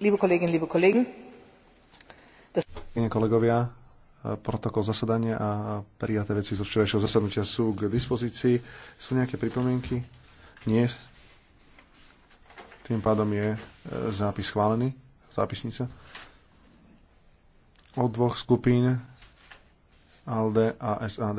liebe kolegovia, eh, protokol zasadania a prijaté veci zo včerajšieho zasadnutia sú k dispozícii. Sú nejaké pripomienky? Nie. Tým pádom je eh, zápis schválený, zápisnica. Od dvoch skupín ALDE a SAD.